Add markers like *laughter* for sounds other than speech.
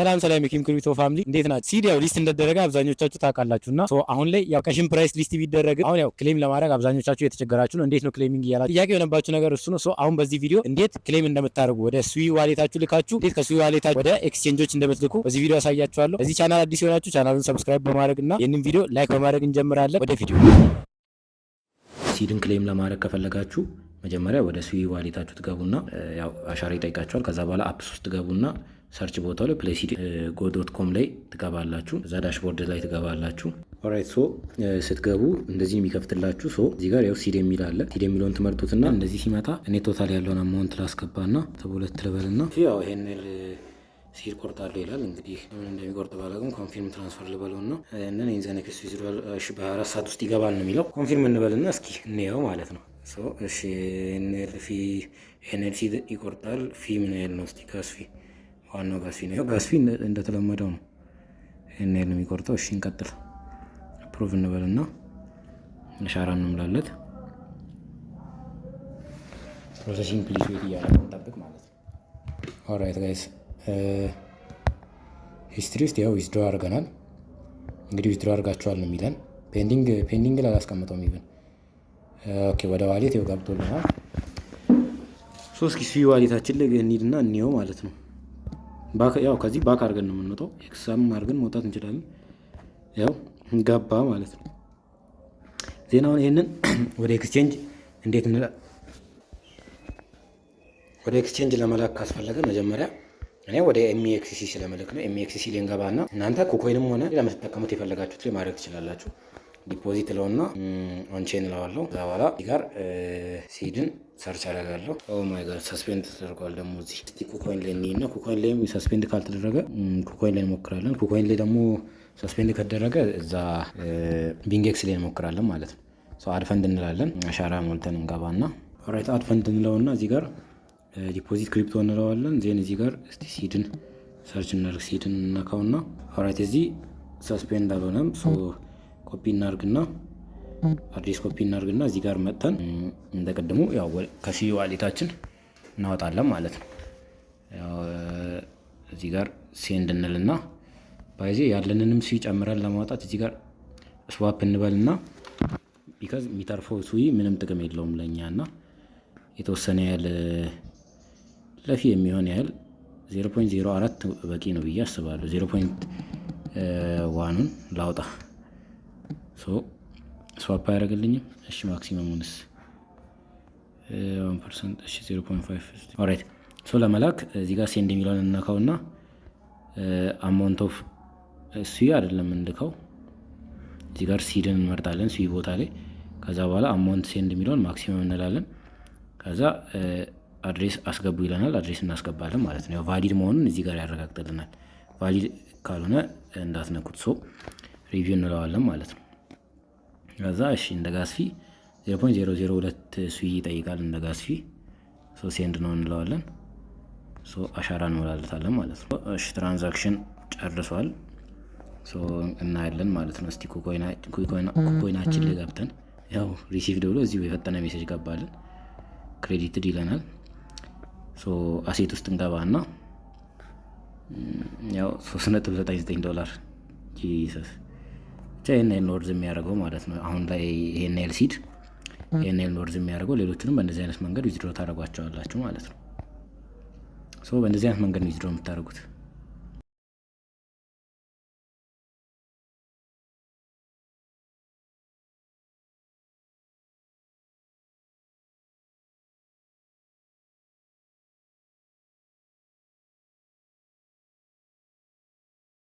ሰላም ሰላም የኪም ፋሚሊ እንዴት ናችሁ? ሲድ ያው ሊስት እንደደረገ አብዛኞቻችሁ ታውቃላችሁ እና አሁን ላይ ያው ከሽን ፕራይስ ሊስት ቢደረግ አሁን ያው ክሌም ለማድረግ አብዛኞቻችሁ የተቸገራችሁ ነው። እንዴት ነው ክሌሚንግ እያላችሁ ጥያቄ የሆነባችሁ ነገር እሱ ነው። አሁን በዚህ ቪዲዮ እንዴት ክሌም እንደምታደርጉ ወደ ስዊ ዋሌታችሁ ልካችሁ እንዴት ከስዊ ዋሌታችሁ ወደ ኤክስቼንጆች እንደምትልኩ በዚህ ቪዲዮ ያሳያችኋለሁ። በዚህ ቻናል አዲስ የሆናችሁ ቻናሉን ሰብስክራይብ በማድረግ እና ይህንን ቪዲዮ ላይክ በማድረግ እንጀምራለን። ወደ ቪዲዮ ሲድን ክሌም ለማድረግ ከፈለጋችሁ መጀመሪያ ወደ ስዊ ዋሌታችሁ ትገቡና ያው አሻራ ይጠይቃችኋል። ከዛ በኋላ አፕስ ውስጥ ትገቡና ሰርች ቦታው ላይ ፕሌሲድ ጎ ዶት ኮም ላይ ትገባላችሁ። እዛ ዳሽቦርድ ላይ ትገባላችሁ። ኦራይት ሶ ስትገቡ እንደዚህ የሚከፍትላችሁ ሶ እዚህ ጋር ያው ሲድ የሚል አለ። ሲድ የሚለውን ትመርጡትና እንደዚህ ሲመጣ እኔ ቶታል ያለውን አማውንት ላስገባና ተበሁለት ልበልና ያው ይሄን ሲድ ቆርጣለሁ ይላል። እንግዲህ ምን እንደሚቆርጥ ባላውቅም ኮንፊርም ትራንስፈር ልበለውና እና ኢን ዘ ኔክስት በ24 ሰዓት ውስጥ ይገባል ነው የሚለው። ኮንፊርም እንበልና እስኪ እንየው ማለት ነው። እሺ ኤንኤል ፊ ኤንኤል ሲድ ይቆርጣል። ፊ ምን ያህል ነው? እስቲ ከስ ፊ ዋናው በስፊ ነው። በስፊ እንደተለመደው ነው። ይህን ያህል የሚቆርጠው። እሺ እንቀጥል። ፕሩቭ እንበልና አሻራ እንምላለት። ፕሮሰሲንግ ፕሊዝ ዌት እያለ እንጠብቅ ማለት ነው። ኦራይት ጋይስ ሂስትሪ ውስጥ ያው ዊዝድሮ አድርገናል። እንግዲህ ዊዝድሮ አድርጋችኋል ነው የሚለን። ፔንዲንግ ፔንዲንግ ላይ ላላስቀምጠውም ይብን ኦኬ፣ ወደ ዋሌት ይኸው ገብቶልናል። ሶስት ኪስ ዋሌታችን ላይ እንሂድና እንየው ማለት ነው። ያው ከዚህ ባክ አድርገን ነው የምንወጣው። ኤክሳም አድርገን መውጣት እንችላለን። ያው ገባ ማለት ነው ዜናውን። ይህንን *clears throat* ወደ ኤክስቼንጅ እንዴት ወደ ኤክስቼንጅ ለመላክ ካስፈለገ መጀመሪያ እኔ ወደ ኤምኤክስሲ ስለመልክ ነው። ኤምኤክስሲ ሊንገባ እንገባና እናንተ ኩኮይንም ሆነ ለምትጠቀሙት የፈለጋችሁት ላይ ማድረግ ትችላላችሁ። ዲፖዚት ለውና አንቼን እለዋለሁ። ከዛ በኋላ እዚህ ጋር ሲድን ሰርች አደርጋለሁ። ኦ ማይ ጋድ ሰስፔንድ ተደርጓል። ደግሞ እዚህ እስኪ ኩኮይን ላይ እንሂድና ኩኮይን ላይም ሰስፔንድ ካልተደረገ ኩኮይን ላይ እንሞክራለን። ኩኮይን ላይ ደግሞ ሰስፔንድ ከተደረገ እዛ ቢንጌክስ ላይ እንሞክራለን ማለት ነው። ሰው አድፈንድ እንላለን። አሻራ ሞልተን እንገባ እንገባና ኦራይት አድፈንድ እንለውና እዚህ ጋር ዲፖዚት ክሪፕቶ እንለዋለን። ዜን እዚህ ጋር እስቲ ሲድን ሰርች እናደርግ። ሲድን እናካውና ኦራይት እዚህ ሰስፔንድ አልሆነም። ኮፒ እናርግና አድሬስ ኮፒ እናርግና እዚህ ጋር መጥተን እንደቀድሞ ከሲ ዋሌታችን እናወጣለን ማለት ነው። እዚህ ጋር ሴንድ እንልና ባይዜ ያለንንም ሲ ጨምረን ለማውጣት እዚህ ጋር ስዋፕ እንበልና ቢካዝ የሚተርፈው ስዊ ምንም ጥቅም የለውም ለእኛ እና የተወሰነ ያህል ለፊ የሚሆን ያህል 0.04 በቂ ነው ብዬ አስባለሁ። 0.1ን ላውጣ ስዋፕ አያደርግልኝም። እሺ ማክሲመሙንስ ዋን ሶ ለመላክ እዚህ ጋር ሴንድ የሚለውን እንነካው እና አማውንት ኦፍ ስዊ አይደለም እንድከው እዚህ ጋር ሲድን እንመርጣለን ስዊ ቦታ ላይ። ከዛ በኋላ አማውንት ሴንድ የሚለውን ማክሲመም እንላለን። ከዛ አድሬስ አስገቡ ይለናል። አድሬስ እናስገባለን ማለት ነው። ቫሊድ መሆኑን እዚህ ጋር ያረጋግጥልናል። ቫሊድ ካልሆነ እንዳትነኩት። ሶ ሪቪው እንለዋለን ማለት ነው። ከዛ እሺ እንደ ጋስፊ 0.002 ስዊ ይጠይቃል። እንደ ጋስፊ ሶ ሴንድ ነው እንለዋለን። ሶ አሻራ እንሞላለታለን ማለት ነው። እሺ ትራንዛክሽን ጨርሷል። ሶ እናያለን ማለት ነው። እስቲ ኩኮይናችን ላይ ገብተን ያው ሪሲቭድ ብሎ እዚሁ የፈጠነ ሜሴጅ ገባልን። ክሬዲትድ ይለናል። ሶ አሴት ውስጥ እና ያው 3.99 ዶላር ጂሰስ ብቻ ይህን ኖርዝ የሚያደርገው ማለት ነው። አሁን ላይ ይህን ኤል ሲድ ይህን ኤል ኖርዝ የሚያደርገው ሌሎችንም በእንደዚህ አይነት መንገድ ዊዝድሮ ታደርጓቸዋላችሁ ማለት ነው። በእንደዚህ አይነት መንገድ ነው ዊዝድሮ የምታደርጉት።